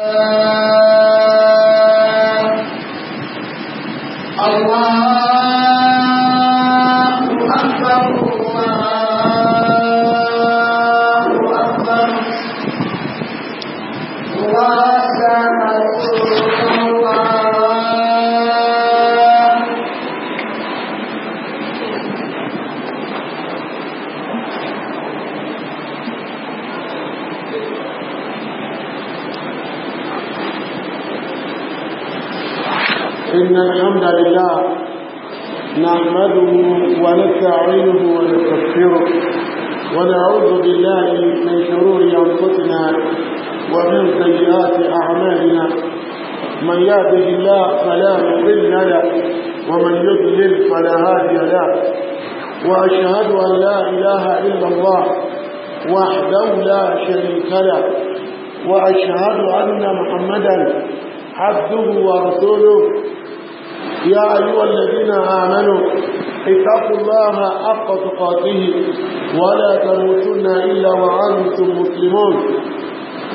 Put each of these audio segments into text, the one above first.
Uh, Allah ولا هادي له وأشهد أن لا إله إلا الله وحده لا شريك له وأشهد أن محمدا عبده ورسوله يا أيها الذين آمنوا اتقوا الله حق تقاته ولا تموتن إلا وأنتم مسلمون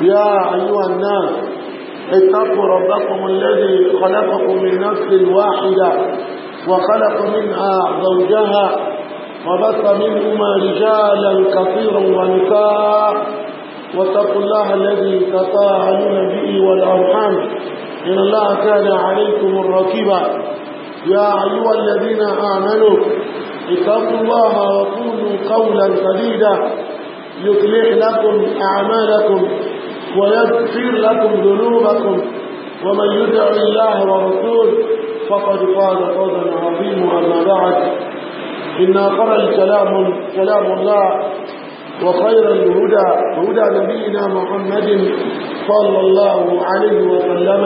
يا أيها الناس اتقوا ربكم الذي خلقكم من نفس واحدة وخلق منها زوجها وبث منهما رجالا كثيرا ونساء واتقوا الله الذي تطاعون به والأرحام إن الله كان عليكم الركيبا يا أيها الذين آمنوا اتقوا الله وقولوا قولا سديدا يصلح لكم أعمالكم ويغفر لكم ذنوبكم ومن يدع الله ورسوله فقد قال قولا عظيما أما بعد إن أقر الكلام كلام الله وخير الهدى هدى نبينا محمد صلى الله عليه وسلم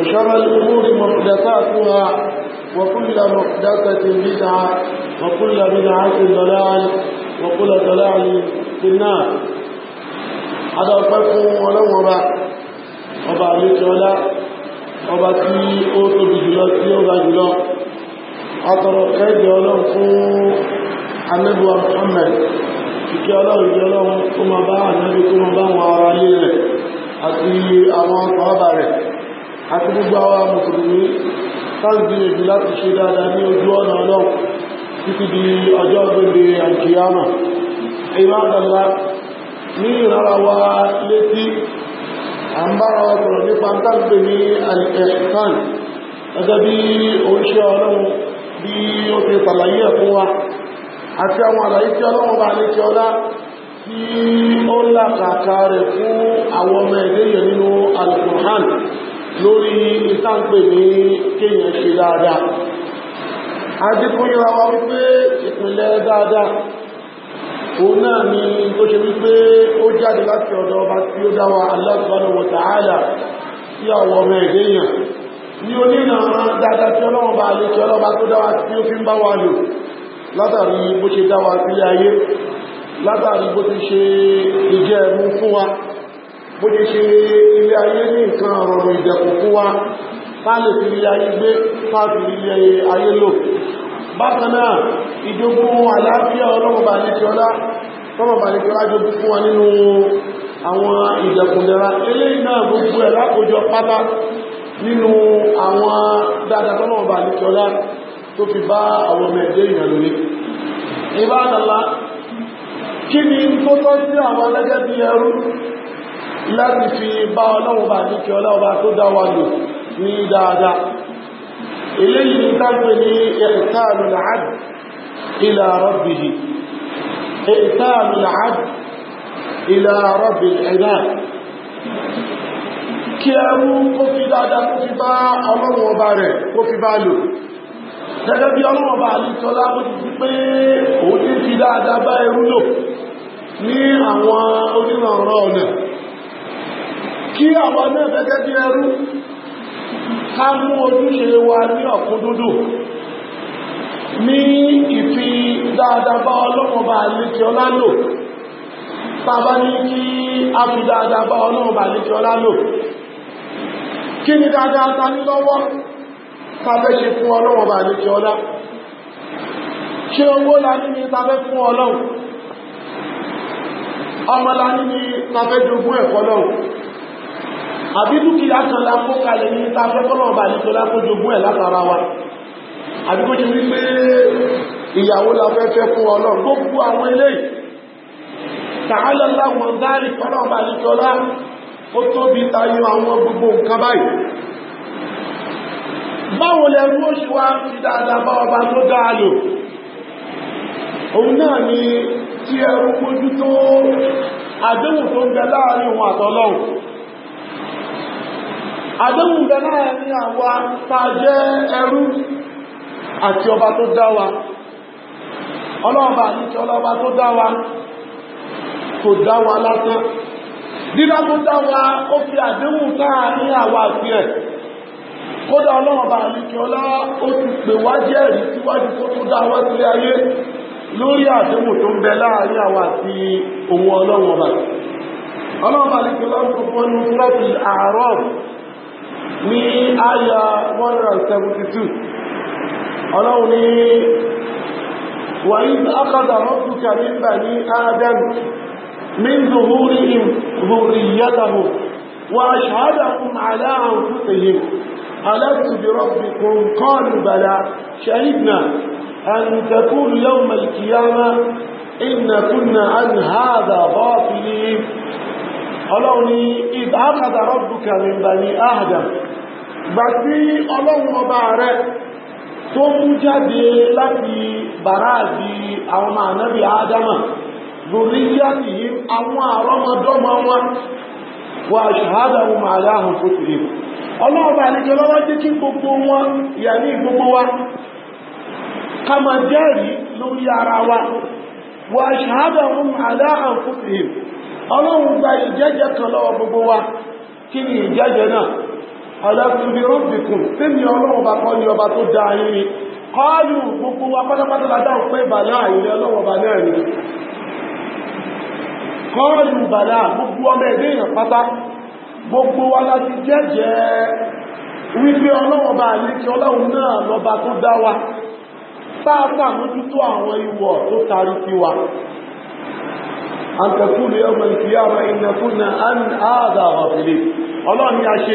وشر الأمور محدثاتها وكل محدثة بدعة وكل بدعة ضلال وكل ضلال في النار هذا فرق ولو وبعد وبعد ذلك ọba tí ó tóbi jùlọ tí ó ga jùlọ ọtọ̀rọ̀ kẹ́jẹ ọlọ́run fún amẹ́bùwa Muhammad ìkẹ́ ọlọ́run jẹ́ ọlọ́run tó ma bá ànábì tó ma bá wọn ara lé rẹ̀ àti àwọn ọba rẹ̀ àti gbogbo àwọn mùsùlùmí sáàgbìyànjú láti ṣe dáadáa ní ojú ọ̀nà ọlọ́run títí di ọjọ́ gbogbo àjíyàmà ìrádàlá ní ìrànlọ́wọ́ létí à ń bára wa sọ̀rọ̀ nípa ń tàbí ní al-ihsan gẹ́gẹ́ bí oríṣẹ́ ọlọ́run bí ó fi pàlàyé ẹ̀ fún wa àti àwọn àlàyé tí ọlọ́run bá ní kí ọlá tí ó làkàkà rẹ̀ fún àwọn ọmọ ẹ̀dẹ́ yẹn nínú al lórí ìtàǹpè ní kéèyàn ṣe dáadáa. a ti wípé ìpínlẹ̀ dáadáa òun náà ni tó ṣe wípé ó jáde láti ọ̀dọ̀ ọba tí ó dáwà Allah subhanahu wa ta'ala sí àwọ̀ ọmọ ẹ̀dẹ́ èèyàn ní onínàá dáadáa tí ọlọ́run bá lè kí ọlọ́ba tó dáwà tí ó fi ń bá wa lò látàrí bó ṣe dáwà sílé ayé látàrí bó ti ṣe ìjẹ́ ẹ̀mú fún wa bó ti ṣe ilé ayé ní nǹkan ọ̀rọ̀ ìdẹ̀kùn fún wa táà lè fi ilé ayé gbé táà fi ilé ayé lò bákan náà ìjogún àlàáfíà ọlọ́mọba àlejọ́lá tọ́mọba àlejọ́lá jogún fún wa nínú àwọn ìjẹkùnlẹ́ra eléyìí náà gbogbo ẹ̀ lákòjọ pátá nínú àwọn dáadáa tọ́mọba àlejọ́lá tó fi bá àwọn ọmọ ẹ̀dẹ́ ìrìn lórí ìbáàdàlá kí ni tó tọ́ sí àwọn alẹ́gẹ́ bí ẹrú láti fi bá ọlọ́mọba àlejọ́lá ọba tó dá wa lò ní dáadáa eléyìí ní tágbé ní ẹ̀ẹ̀ta lọ́nà àdì إلى ربه إئتام العبد إلى رب العباد kí ẹrú kó fi dáadáa kó fi bá ọlọ́run ọba rẹ̀ kó fi bá lò gẹ́gẹ́ bí ọlọ́run ọba àlítọ́lá ó ti fi pé òun ti fi dáadáa bá ẹrú lò ní àwọn onírànràn ọ̀nà kí àwọn náà gẹ́gẹ́ bí ẹrú ká mú ojúṣe wa ní ọ̀kúndúndùn ní ìfi dáadáa bá ọlọ́wọ́ bá lékè ọlá lò tàbá ní kí a fi dáadáa bá ọlọ́wọ́ bá lékè ọlá lò kí ni dáadáa ta ní lọ́wọ́ tàbẹ́ ṣe fún ọlọ́wọ́ bá lékè ọlá ṣe owó la ní ni tàbẹ́ fún ọlọ́wọ́ ọmọ la ní ni tàbẹ́ jogún ẹ̀kọ́ lọ́wọ́ àbí dúkìá kan la kó kalẹ̀ ní tàbẹ́ kọ́lọ́wọ́ bá lékè ọlá kó jogún ẹ̀ látara wa àdúgbò ti rí pé ìyàwó la fẹ́ fẹ́ fún ọlọ́run gbogbo àwọn eléyìí tààlà láwọn dárí ọlọ́run bá nìjọlá ó tóbi tayọ àwọn gbogbo nǹkan báyìí báwo lẹ́rú ó ṣe wá fi dáadáa bá ọba tó dáa lò òun náà ni tí ẹrù mójú tó àdéhùn tó ń bẹ láàrin òun àtọlọ́run àdéhùn bẹ láàrin àwa tá a jẹ́ ẹrú àti ọba tó dá wa ọlọ́ọ̀bá àti ọlọ́ọ̀bá tó dá wa tó dá wa lásán dídá tó dá wa ó fi àdéhùn ní àwa àti ẹ̀ kódà ọlọ́ọ̀bá àti ọlá ó ti pè wá jẹ́rìí tó dá wa sílé ayé lórí àdéhùn tó ń bẹ láàrin àwa àti àti ní àárọ̀ ní àyà 172 ألوني ní وإذ أخذ ربك من بني آدم من ظهورهم ذريته وأشهدهم على أنفسهم ألست بربكم قالوا بلى شهدنا أن تقول يوم القيامة إن كنا عن هذا غافلين ألوني إذ أخذ ربك من بني آدم بس ألوم بارك tó mú jáde láti bàráàdì àwọn ọmọ ànábì ádámà lórí yáàtì yìí àwọn àrọ́mọdọ́mọ wọn wà ṣàhádà wọn màálá àwọn fòtìrì jẹ́ kí gbogbo wọn yà ní gbogbo wa ká máa jẹ́rìí lórí ara wa wà ṣàhádà wọn màálá àwọn fòtìrì ọlọ́run gba ìjẹ́jẹ́ kan lọ́wọ́ gbogbo wa kí ni ìjẹ́jẹ́ náà ọlọ́kùnrin rọ́bìkùn tẹ́mi ọlọ́run bá kọ́ ni ọba tó dá yín ni gbogbo wa pátápátá la dáhùn pé bàlá ọlọ́run ọba náà ni kọ́ọ̀lù bàlá gbogbo ọmọ ẹ̀dẹ́ èèyàn pátá gbogbo wa láti jẹ́jẹ́ wípé ọlọ́run bá kí ọlọ́run náà ọlọ́run ni a ṣe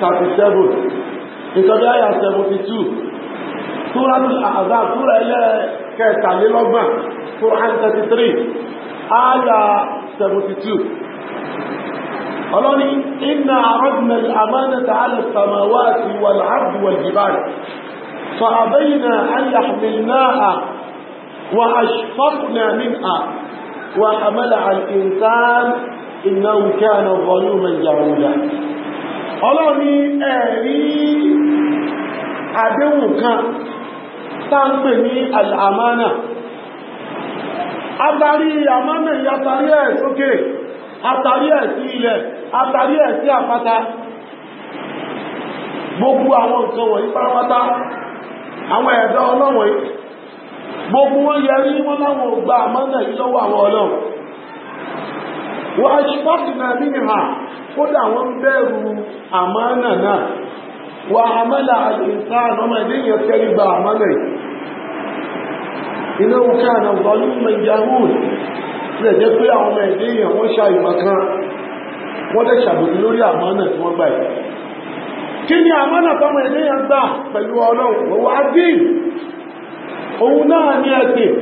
37 seven ìtọ́jú àyà 72 two túra àzá túra ilẹ̀ kẹtàlélọ́gbọ̀n Quran thirty three àyà seventy two ọlọ́ni iná àrọ́dùnà àmánàtà alẹ́sàmáwáàtì wàlàáàbù wàlìbáàlì fa'abẹ́yìnà ayyàmìlnáà wa ashfaqna minha wa hamala al-insan innahu kana zaluman jahula ọlọ́ni ẹ̀rí àdéhùn kan táǹpẹ̀ ní àmánà àtàrí àmánà àtàrí ẹ̀ sókè àtàrí ẹ̀ sí ilẹ̀ àtàrí ẹ̀ sí àpáta gbogbo àwọn nǹkan wọ̀nyí àwọn ẹ̀dọ́ ọlọ́wọ̀nyí gbogbo wọn yẹrí láwọn ògbà wọ́n aṣọ́fìnà níhà kódà wọ́n bẹ̀rù àmánà náà wà àmánà àdìsá àmánà ìdíyàn tẹ́rígbà àmánà iná òkè àná ọ̀gbọ́nú mẹ́jáhùn lè jẹ́ pé àwọn ọmọ ìdíyàn wọ́n ṣa ìmọ̀kan wọ́n dẹ̀ ṣàbòdì lórí àmánà tí wọ́n gbà yìí kí ni àmánà tọ́mọ ìdíyàn gbà pẹ̀lú ọlọ́run òun náà ní ẹ̀sìn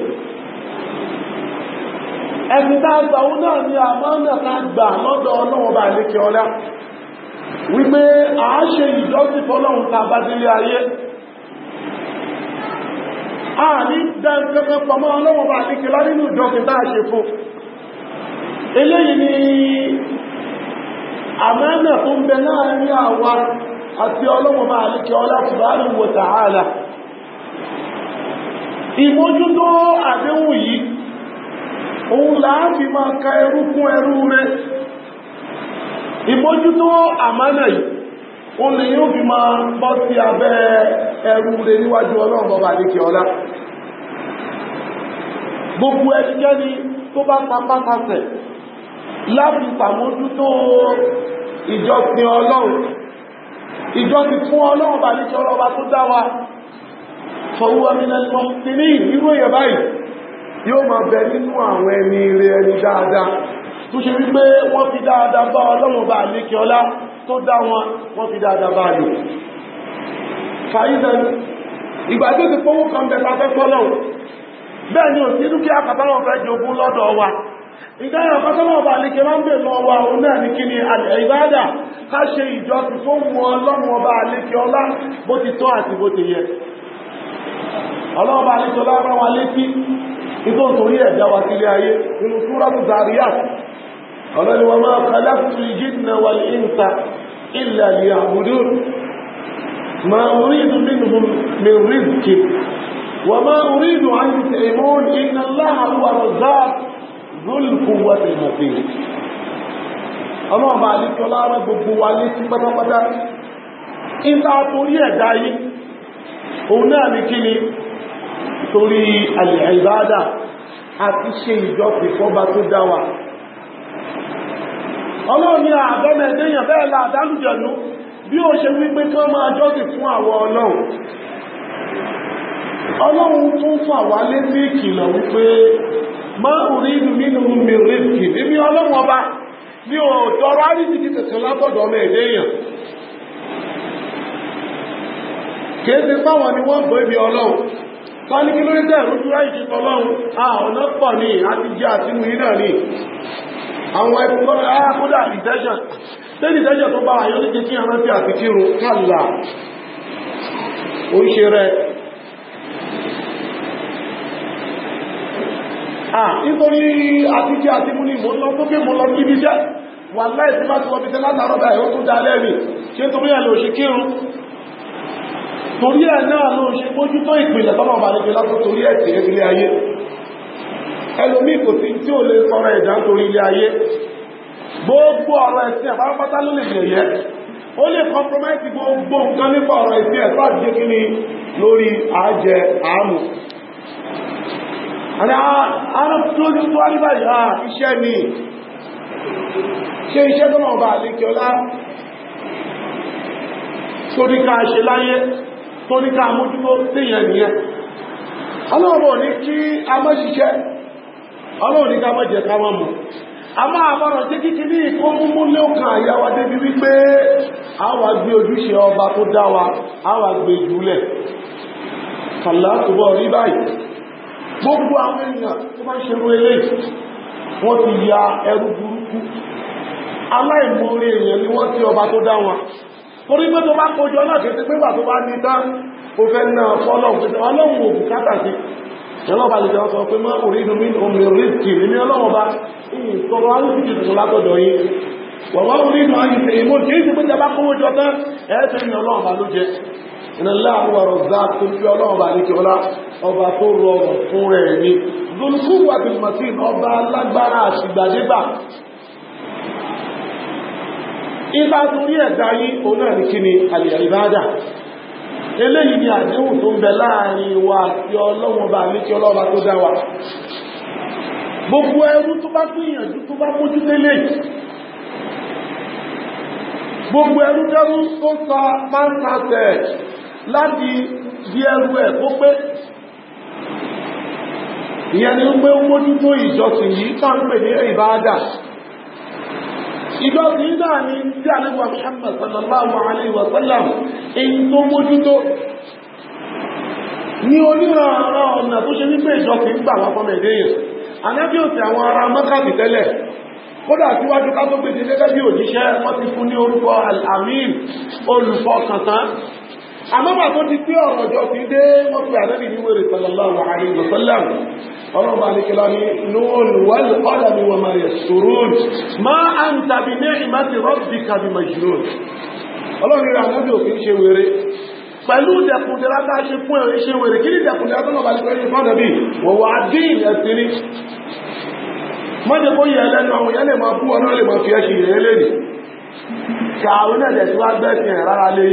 ẹ̀sìn tá a gbà òun náà ni àmọ́ náà ká gbà lọ́dọ̀ ọlọ́run bá lékè ọlá wípé a ṣe ìjọsìn fọlọ́run tá bá délé ayé a ní dáńkẹ́kẹ́ pamọ́ ọlọ́run bá nínú tá a ni ìmójútó àdéhùn òun láàfi ma ka ẹrú kún ẹrú rẹ̀ ìmójútó àmánà yìí òun lè yóò fi máa bọ́ gbogbo ẹnikẹ́ni tó bá papápasẹ̀ láti pàmójútó ìjọsìn ìjọsìn fún ọlọ́run bàdékè ọlọ́ba tó dá wa fọwọ́ mi lẹ́nu mọ́ sí ní yóò máa bẹ nínú àwọn ẹni rẹ̀ ẹni dáadáa tó ṣe wípé wọ́n fi dáadáa bá ọlọ́run bá lékẹ́ ọlá tó dá wọn wọ́n fi dáadáa bá lò fàyíṣẹ́ ìgbà tó ti pọ́wọ́ kan bẹ̀ pàfẹ́ fọ́lọ́run bẹ́ẹ̀ ni ò sí dúkìá kàtàlọ́ fẹ́ jogún lọ́dọ̀ wa ìdáyà ọ̀pọ̀tọ́lọ̀ ọba àlìkẹ́ máa ń bè lọ wa òun náà ní kí ni ìbádà ká ṣe ìjọsìn fún wọn ọlọ́run ọba àlìkẹ́ ọlá bó ti tọ́ àti bó ti yẹ ọlọ́run ọba àlìkẹ́ ọlá rán wa létí ìtò torí ẹ̀dá wa sílé ayé nínú súrátù Zariyat ọlọ́ni wa ma khalaqtul jinna wal insa illa liya'budun ma uridu minhum min rizqin wa ma uridu an yut'imun inna Allaha huwa razzaq dhul quwwati matin ọlọ́ọ̀bá àdíkọ́ lára gbogbo wa ní sí pátápátá ìta torí ẹ̀dá yìí òun náà ní kí ni torí al àti ṣe ìjọpì fọ́ba tó dáwà ọlọ́run ni àbọ́mẹ̀ ẹ̀dẹ́yàn bẹ́ẹ̀ la àdánùjẹ̀nú bí ó ṣe wípé kí wọ́n máa jọ́sì fún àwọ ọlọ́run ọlọ́run tún fà wá létí ìkìlọ̀ wípé máa rí inú nínú mi rí kì níbi ọlọ́run ọba ní ọ̀dọ́ rárí jìkì tẹ̀sán látọ̀dọ̀ ọmọ ẹ̀dẹ́yàn kéèsì páwọn ni wọ́n bọ́ ibi ọlọ́run tọ́ ní kí ló rí tẹ́ ìrújúrá ìṣìtọ̀ lọ́run ọ̀nà pọ̀ ní àti jẹ́ àtinú iná ní àwọn ẹgbùn ah, kódà ìtẹ́ṣàn tẹ́ ìtẹ́ṣàn tó bá ayọ́ ní kí àwọn tí àti kírun kàlà ó ṣe rẹ̀ nítorí àti jẹ́ àtinú ní mo lọ tókè mo lọ níbi bí tẹ́ látàrọ́bà torí ẹ̀ náà ló ṣe mójú tó ìpìlẹ̀ tọ́nà ọba ní pẹ̀lá tó torí ẹ̀sìn ilé ayé ẹlòmí kò sí tí ò lè sọ̀rọ̀ ẹ̀dá torí ilé ayé gbogbo ọ̀rọ̀ ẹ̀sìn àbápátá ló lè yẹ̀yẹ́ ó lè compromise gbogbo nǹkan nípa ọ̀rọ̀ ẹ̀sìn ẹ̀sọ́ àti jẹ́ kíni lórí àjẹ àmù ara ah, tó ní tó rí báyìí àà ah, iṣẹ́ ni ṣe iṣẹ́ tọ́nà ọba lá torí ká ṣe láyé tó ní ká mójútó léyàn nìyẹn ọlọ́ọ̀bọ̀ ní kí a mọ́ ṣiṣẹ́ ọlọ́ọ̀ ní ká mọ́ jẹ ká mọ̀ a máa bọ́rọ̀ kíkí ní múmú àyàwà a wà gbé ojúṣe ọba tó dá wa a wà gbé jùlẹ̀ kàlátùbọ̀ rí gbogbo àwọn èèyàn tó bá ń ya torí pé tó bá kójọ náà kìí pé wà tó bá ní tán ó fẹ́ náà fọ́lọ́hùn tó ọlọ́run ò bùkátà sí ìjọba lè jọ sọ pé mọ́ orí inú mi omi orí kìrì ní ọlọ́run bá ìtọrọ alùpùpù tuntun látọ̀dọ̀ yìí wọ̀wọ́ orí inú ayé fèrè mọ́ kìí sí pé tí a bá kówó jọ tán ẹ̀ẹ́sẹ̀ ní ọlọ́run bá ló jẹ ìnàlá àwọn ọ̀rọ̀ zá tó fi ọlọ́run ní kí ọlá ọba tó rọrùn fún rẹ̀ ní lórúkú wà tó mọ̀ sí ọba alágbára àṣìgbàdégbà ipa torí ẹ̀dá yí òun náà kí ni àlìyàlìbádà eléyìí ni àdéhùn tó ń bẹ láàrin wa àti ọlọ́run bá ní kí ọlọ́run bá tó dá wa gbogbo ẹrú tó bá gbìyànjú tó bá mójú lélẹ̀ gbogbo ẹrú dẹ́rú tó ta máa ń tasẹ̀ láti di ẹrú ẹ̀ tó pé ìyẹn ni ó pé ó mójútó ìjọsìn yìí tá pè ní ìbáadà ìjọ tí náà ni tí ànábì Muhammad sallallahu alayhi wa sallam èyí tó mójútó ní oníranran ọ̀nà tó ṣe nígbé ìjọ kì í gbà wá fọ́mọ èdè yẹn ànábì òsì àwọn ará mọ́kàtì tẹ́lẹ̀ kódà síwájú ká tó gbèsè gẹ́gẹ́ bí òjíṣẹ́ wọ́n ti fún ní orúkọ al-amin olùfọkàntán àmọ́gbà tó ti pé ọ̀rọ̀ ọjọ́ ti dé wọ́n fi ànábì ní wèrè sallallahu alaihi wa sallam ọlọ́run bá nìkẹ́lá ní lóòlù wal qalami wa ma yasturun ma anta bi ni'mati rabbika bi majnun ọlọ́run rẹ̀ ànábì ò kí ń ṣe wèrè pẹ̀lú dẹ̀kùndẹ̀rá tá a ṣe fún ẹ̀rẹ́ ṣe wèrè kí ní dẹ̀kùndẹ̀rá tó lọ́ba lẹ́kọ̀ọ́ ṣe fọ́nà náà lẹ̀ tí wá gbẹ́sìn rárá lé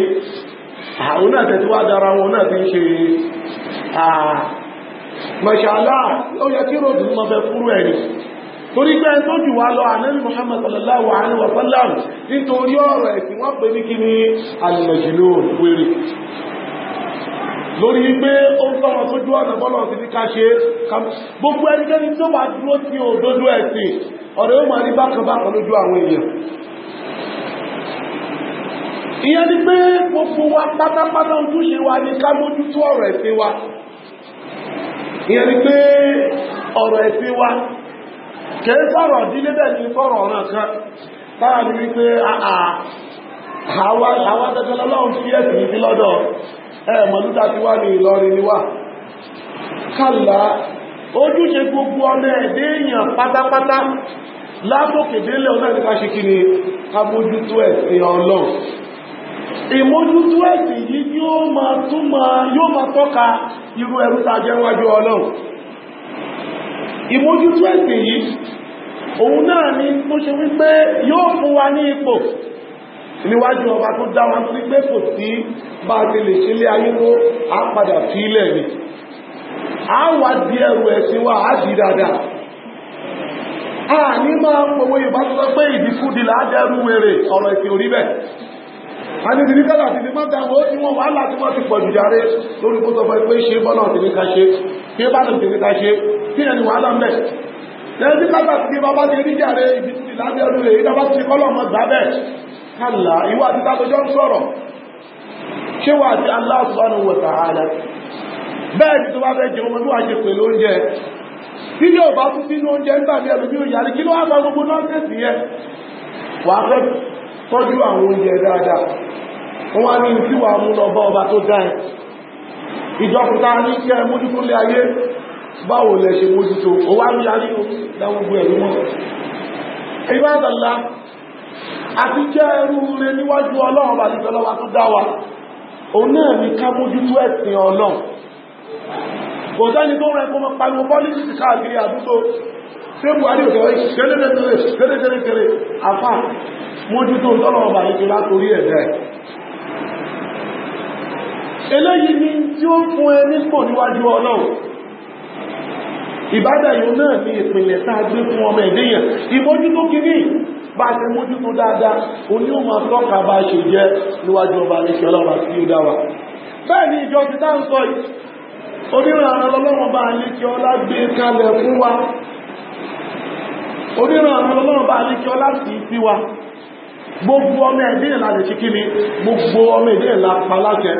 àwọn náà tẹ̀sí wá dára wọn náà fi ń ṣe mọ̀ṣálá ó yẹ kí ròdù mọ́ fẹ́ fúrú ẹ̀rí torí pé tó jù wá lọ ànábì Muhammad sallallahu alaihi wa sallam nítorí ọ̀rọ̀ ẹ̀sìn wọ́n pè ní kí ni alìmọ̀jìlò wèrè lórí pé ó ń sọ́wọ́n tó jú ọ̀nà bọ́lọ̀ sí ní ká ṣe gbogbo ẹnikẹ́ni tó bá dúró sí òdodo ẹ̀sìn ọ̀rẹ́ ó máa rí bákan bákan lójú àwọn èèyàn ìyẹn ni pé gbogbo wa pátápátá ojúṣe wa ni ká mójútó ọ̀rọ̀ ẹ̀sìn wa ìyẹn ni pé ọ̀rọ̀ ẹ̀sìn wa kìí sọ̀rọ̀ dílé bẹ́ẹ̀ ni sọ̀rọ̀ ọ̀ràn kan tára ní wípé fi ẹ̀sìn yìí lọ́dọ̀ ẹ̀mọ̀lúta ti wá ní Ìlọrin ni wà kálá ojúṣe gbogbo ọmọ ẹ̀dẹ́ èèyàn pátápátá látòkèdélẹ̀ ọ̀nà nípa ṣe ẹ̀sìn Ọlọ́run ìmójútó ẹ̀sìn yìí yóò máa túnmọ̀ yóò máa tọ́ka irú ẹrú tá jẹ́ wájú ọlọ́run ìmójútó ẹ̀sìn yìí òun náà ni tó ṣe wípé yóò fún wa ní ipò níwájú ọba tó dá wa sí pé kò sí bá a ti lè ṣe lé ayé tó á padà fi ilẹ̀ ni a wà di ẹrù ẹ̀sìn wa á di dáadáa a ní máa pòwe ìbá tó sọ pé á dẹrù wèrè ọ̀rọ̀ ìsìn orí àti tìríkẹ́lá àti tìmọ́ta àwọn ó ti wọ́n wà láti wọ́n ti pọ̀ jù járe lórí kó sọ pé ṣe bọ́nà tìríkà ṣe kí bá lè tìríkà ṣe kí ẹni wàhálà mẹ́ lẹ́yìn kátà sí bàbá ti rí járe ibi ti lábẹ́ ọdún rẹ̀ ìdábá ti kọ́lọ̀ mọ́ gbà bẹ́ẹ̀ kálá ìwà àti tábọjọ́ ń sọ̀rọ̀ ṣé wà àti Allah subhanahu wa ta'ala bẹ́ẹ̀ ni tó bá fẹ́ jẹun ọdún àṣẹ pẹ̀lú oúnjẹ tí yóò bá tún sínú oúnjẹ nígbà ní ẹlòmí òyàrí kí ló wá lọ gbogbo nọ́ọ̀sẹ̀sì yẹn wà á fẹ́ tọ́jú àwọn oúnjẹ dáadáa wọ́n wá ní tí wà mú lọ bá ọba tó dáẹ̀ ìjọkùta ní kẹ́ mójúkúnlé ayé báwo lẹ ṣe mójútó o wá ní ayé dáwọ́gbé ẹ̀rú wọn ẹ̀yọ́ àdàlá àti jẹ́ ẹrú rẹ níwájú ọlọ́run bá nífẹ̀ẹ́ lọ́wọ́ tó dá wa òun náà ní mójútó tọ́lọ̀ọ̀bà yìí ti látorí ẹ̀dẹ́ eléyìí ni tí ó fún ẹ nípò níwájú ọlọ́run náà ní ìpìnlẹ̀ tá a gbé fún ọmọ ẹ̀dẹ́yàn ìmójútó bá ṣe mójútó dáadáa o bá ṣe jẹ́ níwájú ọba ọlọ́run àti yóò dáwà bẹ́ẹ̀ ni ìjọ ti dáhùn sọ yìí lọ́lọ́run bá wa lọ́lọ́run bá ọlá sì fi wa gbogbo ọmọ ẹ̀dẹ́ ìlà lè ṣe kí ni gbogbo ọmọ ẹ̀dẹ́ ìlà paláṣẹ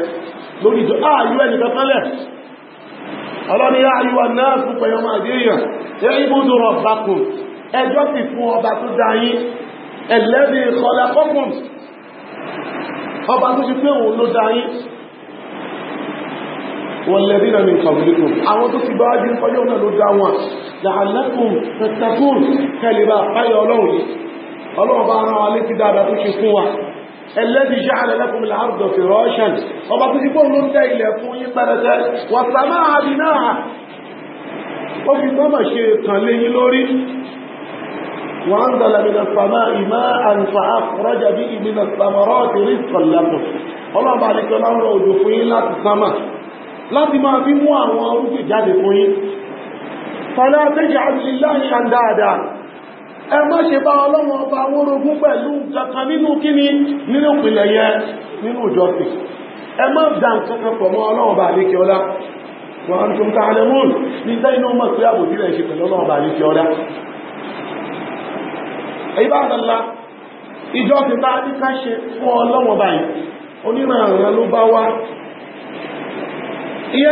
lórí ìjọ ààyú ah, ẹni kẹtẹ́lẹ̀ ọlọ́ni ààyúwà náà fún pẹ̀yọmọ àdéyàn ẹ ibùdó rọ̀bàkùn ẹjọ́ sì fún ọba tó dáyí ẹlẹ́bí ìkọlẹ̀ kọ́kùn ọba tó ṣe pé òun ló dáyí wọ́n lẹ́bí náà ọlọ́run bá rán wa létí dáadáa tó ṣe fún wa ẹlẹ́bí ja'ala lakum al-arda firashan ọba tó ti bọ́ ló ń tẹ́ ilẹ̀ fún yí pẹ́rẹsẹ́ wa samaa binaaha ó fi mọ́mọ̀ ṣe kàn léyìn lórí wa anzala minas samaa'i ma'an fa akhraja bihi minas samarati rizqan ẹ má ṣe bá ọlọ́run ọba wórogún pẹ̀lú kankan nínú kíni nínú ìpìlẹ̀ yẹn nínú ìjọsìn ẹ má dá nǹkan kan pọ̀ mọ́ ọlọ́run ọba àlékè ọlá wọn tó ń ta alẹ́mùn ní sẹ́yìn náà mọ̀ pé àbòsílẹ̀ ṣe pẹ̀lú ọlọ́run ọba àlékè ọlá ìbádọ́lá ìjọsìn bá ní ká ṣe fún ọlọ́wọ̀n báyìí onírànràn ló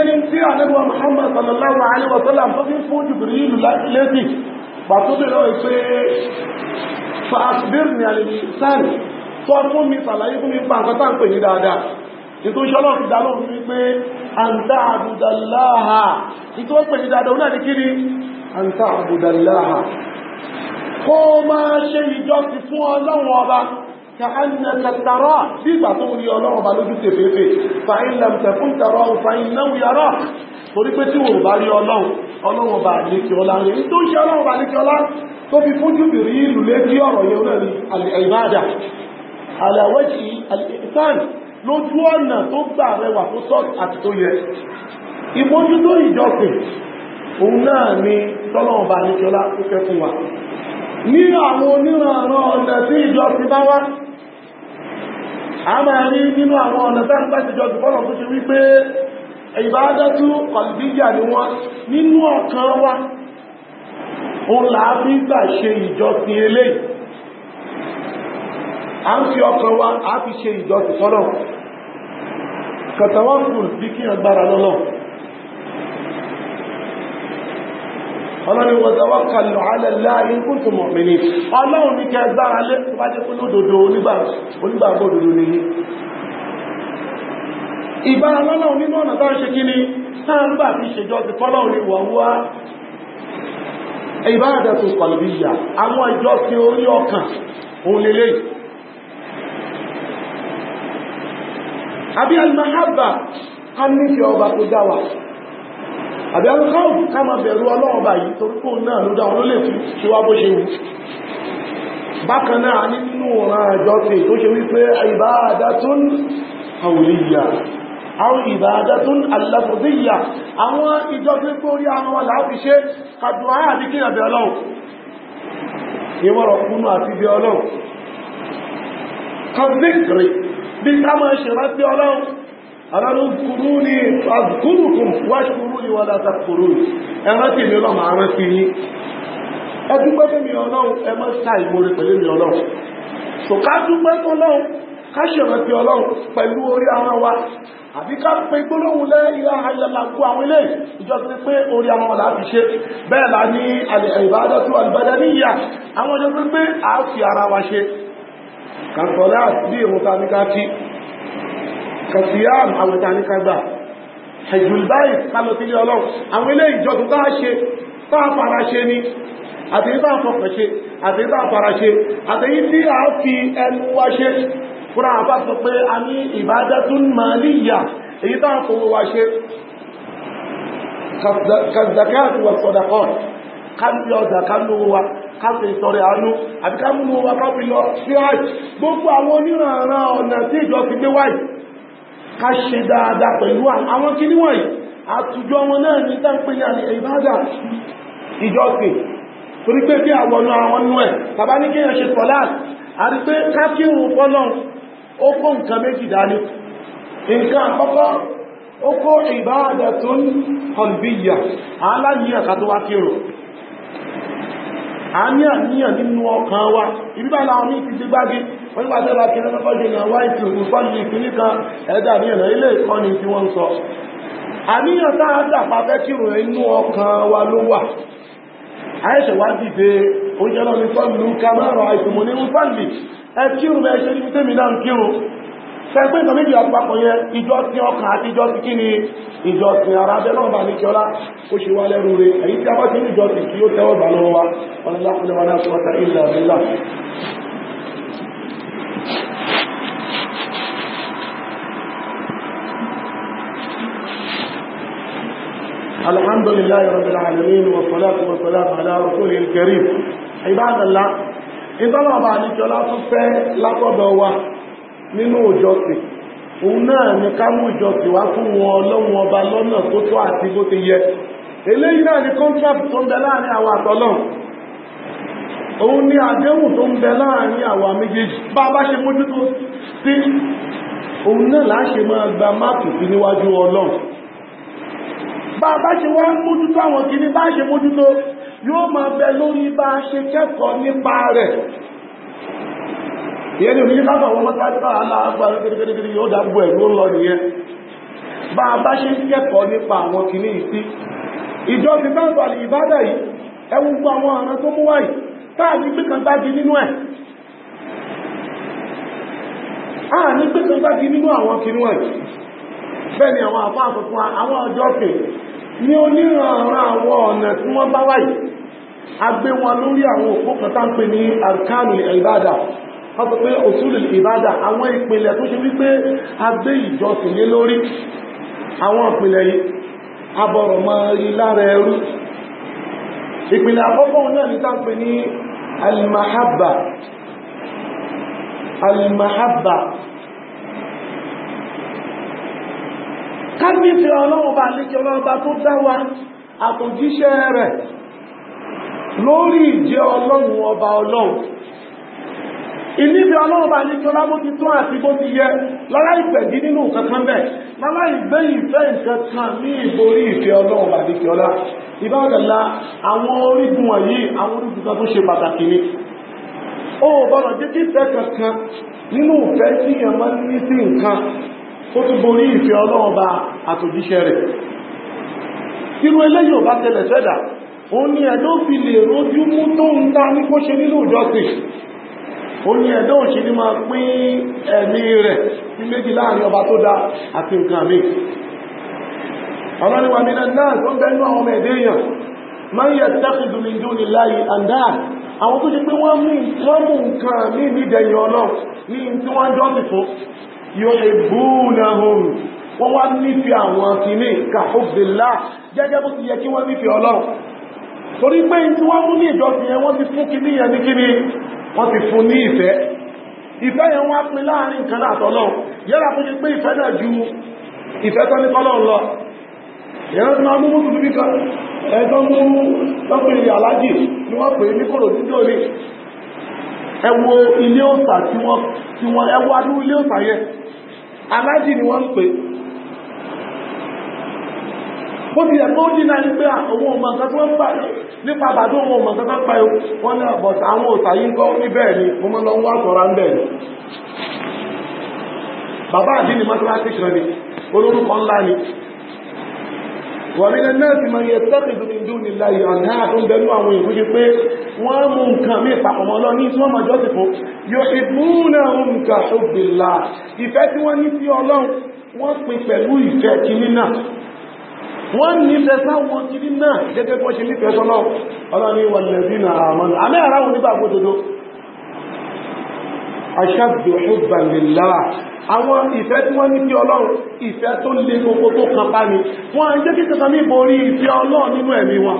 ni tí àdẹ́gbà Muhammad sallallahu alaihi wasallam tó fi fún Jibrilu lẹ́sìn pàtó bẹ̀rẹ̀ wọ́n pé fàásbìr ní alèmí sáàrì tó fún mi sàlàyé fún mi pa nǹkan tá ń pè ní dáadáa ètò ìṣọ́ lọ́rùn dá lóhùn ní pé àǹtà àbùdàláhà ìtò ó pè ní dáadáa náà ní àǹtà àbùdàláhà kó máa ṣe ìjọsìn fún ọlọ́run ọba كأنك تراه بيبا تقول يا الله بالوجه تفيفي فإن لم تكن تراه فإنه يراه torí pé tí wò bá rí ọlọ́run ọlọ́run bá ní kí ọlá rí tó ṣe ọlọ́run bá ní kí ọlá tó fi fójú bìrí ìlú lé kí ọ̀rọ̀ yẹn náà ní àìmáàdà àlàwẹ́jì ìtàn lójú ọ̀nà tó gbà rẹwà tó sọ àti tó yẹ ìmójútó ìjọsìn òun náà ni tọ́lọ́run bá ní ọlá tó fẹ́ fún wa ní àwọn oníranran ọ̀nà tí ìjọsìn bá wá a máa rí nínú àwọn ọ̀nà tá ń ọdún fọ́nà tó ṣe wípé ìbádọ́tú kọ̀lùbíyà ni wọ́n nínú ọ̀kan wa òun láàbí ṣe ìjọsìn elé a ń fi ọkàn wa a fi ṣe ìjọsìn sọ́lọ̀ kọ̀tàwọ́n ọlọ́ni wọ́tawọ́kọlù alẹ́lá ikúntù mọ̀mìnì ọlọ́run ní kẹgbára lé tó bá jẹ́ olódodo onígbàgbọ́ òdodo ní ìbára lọ́lọ́run nínú ọ̀nà tó ń ṣe kí ni sáàrùbà fi ṣèjọ́ ti fọ́lọ́run ní wàwúwá ìbáradẹ̀tù pàlùbíyà ọba tó dáwà àbí alùkáwù ká máa bẹ̀rù ọlọ́run báyìí torí kò náà ló dá olólè fún tiwa bó ṣe wù bákan náà nínú ọ̀ràn àjọ pé tó ṣe wípé ìbáadátún àwòlíyà àwọn ìbáadátún aláfòdíyà àwọn ìjọ pé kó rí àwọn aláàfiṣẹ́ kàdùnmá àti kí àbẹ̀ ọlọ́run ìwọ̀rọ̀ ọlọ́run ọlọ́run kúrú ní ọgbùnkùn wáṣúrú ní wọ́n láta kúrú ẹrántí mi ọlọ́run àrántí yí ẹdúgbẹ́ mi ọlọ́run ẹ má sá ìmoore pẹ̀lú mi ọlọ́run tó ká dúpẹ́ tọ́lọ́run ká ṣèrántí ọlọ́run pẹ̀lú orí ara wa àbí ká pé gbólóhùn lẹ́ ilé ayẹlá kú àwọn ilé ìjọsìn pé orí àwọn ọ̀la fi ṣe bẹ́ẹ̀ la ní ìbádọ́tú àlùbádá níyà àwọn ọjọ́ pé a fi ara wa ṣe kàtọ́lá bí ìrùn ní ká kí kàfíàm àwẹ̀ta ní kagbà ẹ̀jùlbáì kálọ̀tílé ọlọ́run àwọn ilé ìjọdún tá a ṣe tá a fara ṣe ni àtèyí tá a fọkàn ṣe àtèyí tá a fara ṣe àtèyí tí a fi ẹnu wa ṣe fúnra àbá sọ pé a ní ìbádátún màlíyà èyí tá a fowó wa ṣe kàzàkáàtì wà sọ̀dàkọ́ káàkiri ọjà kánúwó wa káàkiri ìtọrẹ àánú àti kánúwó wa káàkiri lọ sí àjì gbogbo àwọn onírànràn ọ̀nà tí ìjọ fi gbé wáyìí ká ṣe dáadáa pẹ̀lú àwọn kí níwọ̀n yìí àtùjọ wọn náà ní tánpé ní àní ìbádà ìjọsìn torí pé bí àwọn ọ̀nà àwọn nú ẹ̀ tàbá ní kíyàn ṣe sọ́lá àti pé kákírun fọ́lọ́n ó kó nǹkan méjì dání nǹkan àkọ́kọ́ ó kó ìbádà tó ń kọ̀lbíyà aláníyàn ká wá kírun a ní àníyàn nínú ọkàn wa ìbíbá làwọn ní ìfìdígbági wọ́n nípa tẹ́lá kí lọ́nà kọ́ jẹ́yàn wáìtì òun fọ́nì ìpínlẹ̀ kan ẹ̀dà ní ẹ̀nà ilé ìkọ́ni tí wọ́n ń sọ àníyàn tá a dàpá fẹ́ kí rùn inú ọkàn wa ló wà àìṣẹ̀ wá dìde oúnjẹ náà ní fọ́nì ká máa rọ àìsùnmọ̀ ní fọ́nì ẹ kírun ẹ ṣe ní tèmi náà ń kírun sẹ́gbẹ́ ìtàn méjì àpapọ̀ yẹn ìjọsìn ọkàn àti ìjọsìn kí ni ìjọsìn ara abẹ́ náà bá ní kí ọlá ó ṣe wá lẹ́rú rẹ̀ èyí tí a bá ti ní ìjọsìn kí ó tẹ́wọ́ gbà lọ́wọ́ wa ọlọ́lá fún ẹwà náà sọ́ta ilẹ̀ ìlà الحمد لله رب العالمين والصلاة والسلام على رسوله الكريم عباد الله ìtọ́lọ̀ ọba àdíjọ látúnfẹ́ lápọ̀dọ̀ wa nínú ìjọsìn òun náà ni ká mú ìjọsìn wá fún wọn ọlọ́run ọba lọ́nà tó tọ́ àti bó ti yẹ eléyìí náà ni contract tó ń bẹ láàrin àwa àtọ́lọ́run òun ni àdéhùn tó ń bẹ láàrin àwa méjèèjì bá a bá ṣe mójútó sí òun náà láṣe máa gba máàkì sí níwájú ọlọ́run bá bá ṣe wá mójútó àwọn kìíní bá ṣe mójútó yóò máa bẹ lórí bá ṣe kẹ́kọ̀ọ́ nípa rẹ̀ ìyẹn ni òníyí wọn mọ́ta nípa gẹ́gẹ́gẹ́gẹ́ yóò lọ nìyẹn bá a bá ṣe ń kẹ́kọ̀ọ́ nípa àwọn kìíní ìsí ìjọ ti bẹ́ẹ̀bà lè ìbádà yìí gbọ́ àwọn tó mú nínú ẹ̀ bẹ́ẹ̀ ni àwọn àfáà sọ fún wa àwọn ọjọ́ pè ní oníranran àwọn ọ̀nà tí wọ́n bá wáyìí a gbé wọn lórí àwọn òpó kan tá ń pè ní arkanu ibada wọ́n sọ pé òsúlù ibada àwọn ìpìlẹ̀ tó ṣe wípé a gbé ìjọsìn lé lórí àwọn ìpìlẹ̀ yìí abọ̀rọ̀ mọ́ rí lára ẹrú ìpìlẹ̀ àkọ́kọ́ náà ní tá ní alimahabba alimahabba ká nífẹ̀ẹ́ ọlọ́run bá lékè ọlọ́run bá tó dá wa àtòjíṣẹ́ rẹ̀ lórí ìjẹ́ ọlọ́run ọba ọlọ́run ìníbi ọlọ́run bá ní kí ọlá bó ti tó àti bó ti yẹ lọ́lá ìpẹ̀dí nínú nǹkan kan bẹ́ẹ̀ lọ́lá ìgbé ìfẹ́ nǹkan kan ní ìborí ìfẹ́ ọlọ́run bá ní kí ọlá ìbáwọ̀dọ̀lá àwọn orígun wọ̀nyí àwọn orígun kan tó ṣe pàtàkì ni ó bọ́dọ̀ jẹ́ kí ìfẹ́ kankan nínú ìfẹ́ tí èèyàn máa ní sí nǹkan ó ti borí ìfẹ́ ọlọ́run bá àtòjíṣẹ́ rẹ̀ irú eléyìí ò bá tẹ́lẹ̀ sẹ́dà ó ní ẹ̀dọ́ fi lè rójú mú tó ń dá ní kó ṣe nílò ìjọsìn ó ní ẹ̀dọ́ òṣì ní máa pín ẹ̀mí rẹ̀ ní méjì láàrin ọba tó dá àti nǹkan mi ọ̀rọ̀ ni wà nínú náà tó ń bẹ́nu àwọn ọmọ ẹ̀dẹ́ èèyàn máa ń yẹ tẹ́kìdù ní ìdú ní láyé àndá àwọn tó ṣe pé wọ́n mú nǹkan mú nǹkan ní ìdẹ̀yìn ọlọ́ ní tí wọ́n jọ́sìn fún yóò lè búùnà hùn wọ́n wá nífẹ̀ẹ́ àwọn kìíní kàfóbìlá gẹ́gẹ́ bó ti yẹ kí wọ́n nífẹ̀ẹ́ ọlọ́run torí pé tí wọ́n mú ní ìjọsìn yẹn wọ́n ti fún kìíní yẹn ní kíní wọ́n ti fún ní ìfẹ́ ìfẹ́ yẹn wọ́n á pín láàrin nǹkan náà tọ́lọ́run yẹ́ra fún ṣe pé ìfẹ́ náà ju ìfẹ́ tán ní tọ́lọ́run lọ yẹ́ra tí wọ́n mú mú tuntun kan ẹjọ́ mú lọ́pìnrin alájì ni wọ́n pè é ní kòrò dídò ní ẹwọ ilé òsà tí wọ́n ẹwọ adúrú ilé òsà yẹn alájì ni wọ́n pè é ó ti ẹ̀kọ́ òjì náà ń pé ah, àwọn ọmọ nǹkan tó ń pa nípa àbádó wọn ọmọ nǹkan tó ń pa ẹ̀ wọ́n ní ọ̀bọ̀tà ah, àwọn òtà yìí ń kọ́ ní bẹ́ẹ̀ ni mo mọ́ lọ ń wá sọ̀rọ̀ ń bẹ́ẹ̀ ni bàbá àdí ni mọ́tíláṣí kan ni olórúkọ ńlá ni wọ̀nìyàn náà ti máa yẹ tẹ́kì tó ti dún ní láyé ọ̀nà àtún bẹ̀rù àwọn ìfún ṣe pé wọ́n mú nǹkan mí papọ̀mọ́ lọ ní tí wọ́n máa jọ́sìn fún yóò ìbúnà nǹkan ṣùgbìlà ìfẹ́ tí wọ́n ní sí ọlọ́run wọ́n pín pẹ̀lú ìfẹ́ kìíní náà wọ́n nífẹ̀ẹ́ sáwọn kiri náà gẹ́gẹ́ bọ́ ṣe nífẹ̀ẹ́ sọ́nà ọlọ́ni wà lẹ́bí na àmọ́nà àmì àráwọ̀ nígbà gbódodo aṣáàbì hubban àwọn ìfẹ́ tí wọ́n ní sí ọlọ́run ìfẹ́ tó gbogbo tó ní wọ́n jẹ́ kí ní borí ìfẹ́ ọlọ́run nínú ẹ̀mí wọn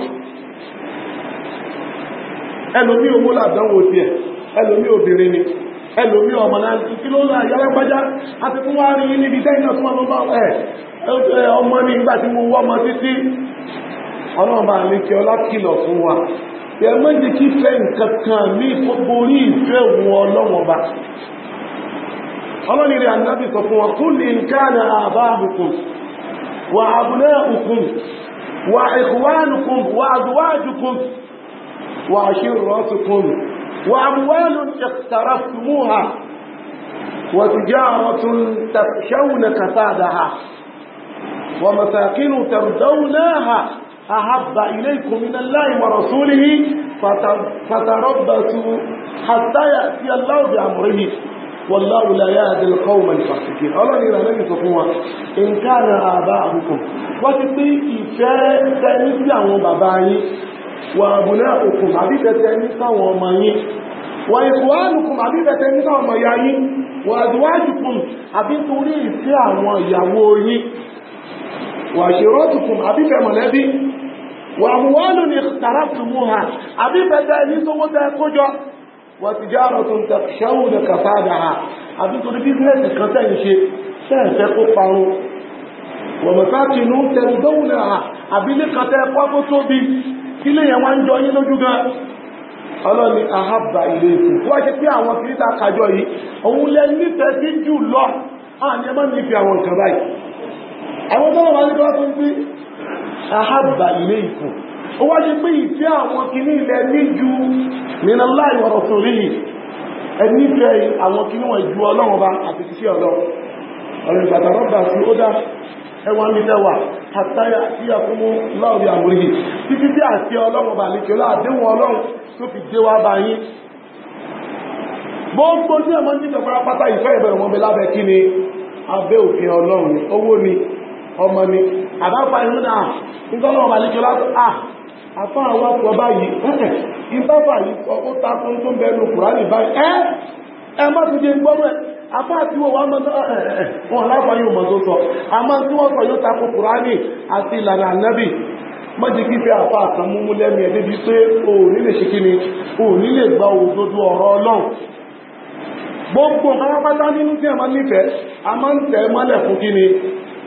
ẹgbẹ́ ọmọ ní ìgbà tí mo wọ́mọ títí ọlọ́ọ̀bá ní kí ọlá kìlọ̀ fún wa kí fẹ́ nǹkan kan ní ìfẹ́ òun sọ fún wọn kú àbá wà àbúlé wà wà wà àṣírọ̀ọ́sùkùn wà wà tìjáwọ̀tún tàṣẹ́wùn ha. ومساكن ترضونها أحب إليكم من الله ورسوله فتربصوا حتى يأتي الله بأمره والله لا يهدي القوم الفاسقين ọlọ́run ìrìn àlẹ́yìn sọ fún wa nǹkan àbá àbúkù wọ́n ti pín ìfẹ́ tẹ́ni sí àwọn bàbá yín wà àbúlé òkùn àbíbẹ̀tẹ́ ní sáwọn ọmọ yín wà ìfúwánùkùn àbíbẹ̀tẹ́ ní sáwọn ọmọ yá yín wà àdúwájùkùn àbí torí ìfẹ́ àwọn ìyàwó yín وعشيرتكم أبي فمولدي وأموال اخترقتموها أبي بدأني سوداء كجا وتجارة تخشون كفادها أبي تريد بزنس كتاين شيء سيسيقوا فارو ومساكن ترضونها أبي لقتاين قوة صوبي كله يوان جوين لجوغا ọlọ́ni àhábà ilé ìkù tó wá ṣe pé àwọn kìrìtà kàjọ yìí òun lẹ nífẹ̀ẹ́ sí jù lọ àní ẹmọ́ nífẹ̀ẹ́ àwọn nǹkan àwọn tó wà ní kọ́wàá tó ń pé àhábà ilé ìkù ó wá ṣe pé ìfẹ́ àwọn kìíní ilẹ̀ ní ju nínú láì wọ̀rọ̀ sórí yìí ẹni fẹ́ àwọn kìíní wọn ju ọlọ́run bá àti kìí ọlọ́run ọ̀rọ̀ ìgbàdà rọ́bà sí ó dá ẹwà nílẹ̀wà àtàyà sí àkúmú láòrí àwòrí yìí títí tí àti ọlọ́run bá nìkẹ́ láàdéhùn ọlọ́run tó fi dé wá bá yín gbogbo tí ẹ̀mọ́ nílẹ̀ farapátá ìfẹ́ ìbẹ̀rẹ̀ wọn bẹ lábẹ́ kí ni abẹ́ òfin ọlọ́run owó ni ọmọ mi àbápa inú náà nítorí ọmọ àlejò látọ̀ à àfa àwọn akọ báyìí ìbáfà yìí sọ ó ta fún tó ń bẹ ẹnu kùránì báyìí ẹ ẹ má ti di gbọ́mọ̀ afá tí wọ́n wá mọ́tọ́ wọn láfà yóò mọ́ tó sọ àmọ́ tí wọ́n sọ yóò ta kó kùránì àti ìlànà ànábì mọ́jì kífẹ́ àfá àkàn múmú lẹ́mí ẹ̀ débi pé o ní lè ṣe kíni o ní lè gba òdodo ọ̀rọ̀ ọlọ́run gbogbo nǹkan pátá nínú tí ẹ máa nífẹ̀ẹ́ a máa ń tẹ̀ mọ́lẹ̀ fún kíni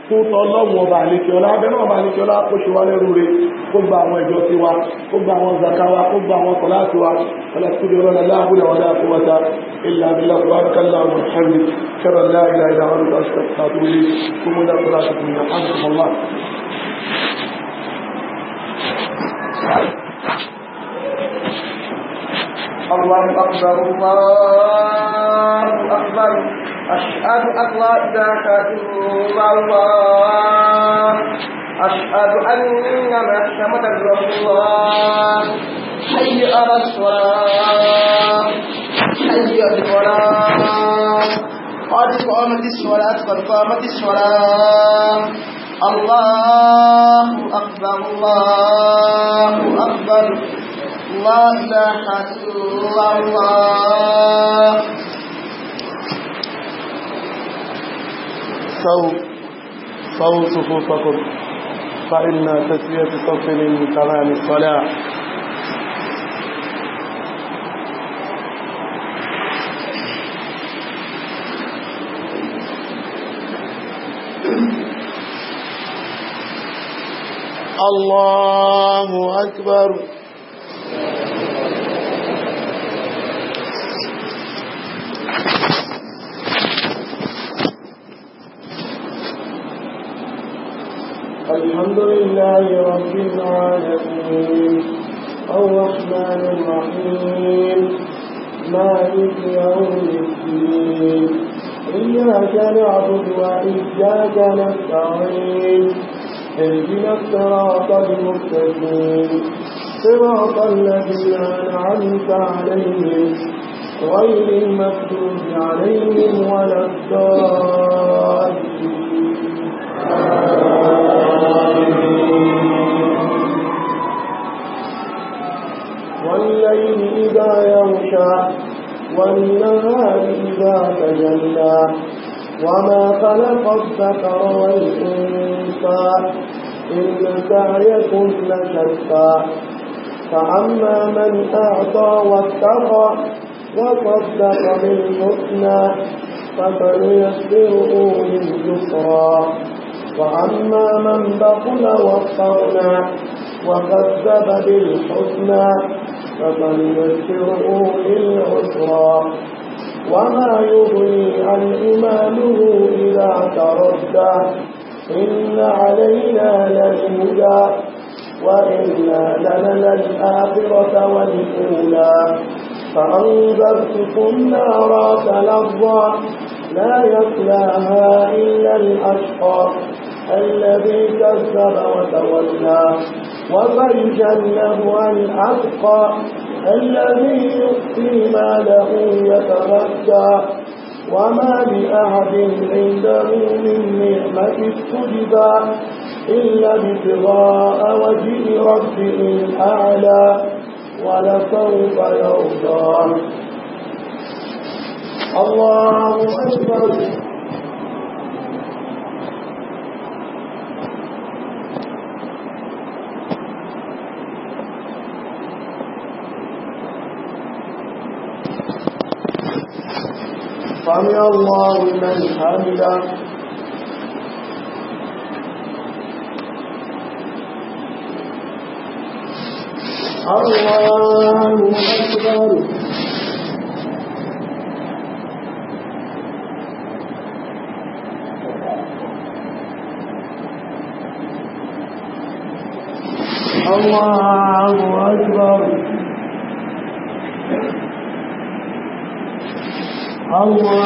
kó fún tọ́lọ́mù ọba àlékiọlá abẹ́ náà ọba àlékiọlá kó ṣe wá lẹ́rú rẹ̀ kó gba àwọn ẹjọ́ sí wa kó gba àwọn zaka wa kó gba àwọn kọlá sí wa kọlá sí ibi ọlọ́dà láàbùdà wà láàbù wata ilà abilà wà kálá wà hàmì kẹrọ láàbùdà ilà wà lọ́dà sí kàtàkùn ní kó mú náà kọlá sí kùn ní alhamdulillah. الله أكبر الله أكبر أشهد أن لا إله إلا الله أشهد أن محمدا رسول الله حي على الصلاة حي على الصلاة قد قامت الصلاة قد قامت الصلاة الله أكبر الله أكبر لا إله إلا الله صوت صوت صفوفكم فإن تسوية صف من تمام الصلاة الله أكبر الحمد لله رب العالمين الرحمن الرحيم مالك يوم الدين إياك نعبد وإياك نستعين اهدنا الصراط المستقيم صراط الذين أنعمت عليهم غير المكتوب عليهم ولا الضالين والليل إذا يغشى والنهار إذا تجلى وما خلق الذكر والأنثى إن سعيكم لشتى فأما من أعطى واتقى وصدق بالحسنى فسنيسره لليسرى وأما من بخل وفرنا وكذب بالحسنى فسنيسره للعسرى وما يغني عن إيمانه إذا تردى إن علينا للهدى وإنا لنا الآخرة والأولى فأنذرتكم نارا تلظى لا يصلاها إلا الأشقى الذي كذب وتولى وسيجنبها الأتقى الذي يؤتي ماله يتزكى وما لأحد عنده من نعمة تجزى إلا ابتغاء وجه ربه الأعلى ولسوف يرضى الله أكبر الله من حمده الله أكبر الله أكبر الله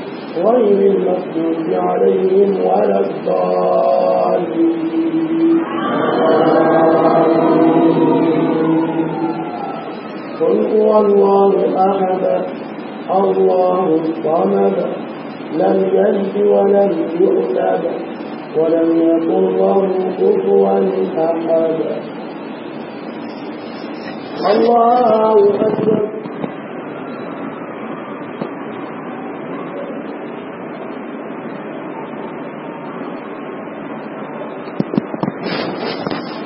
غير المغضوب عليهم ولا الضالين قل هو الله أحد الله الصمد لم يلد ولم يؤتد ولم يكن له كفوا أحد الله أكبر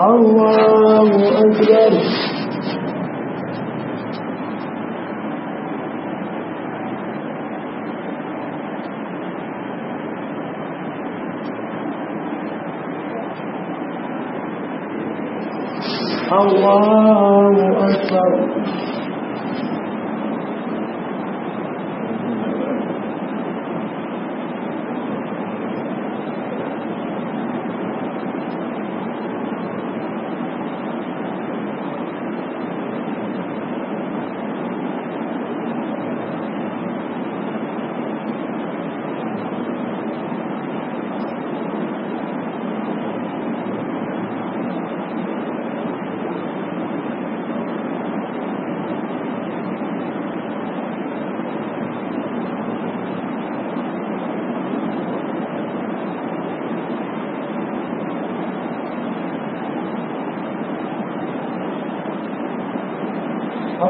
الله أكبر الله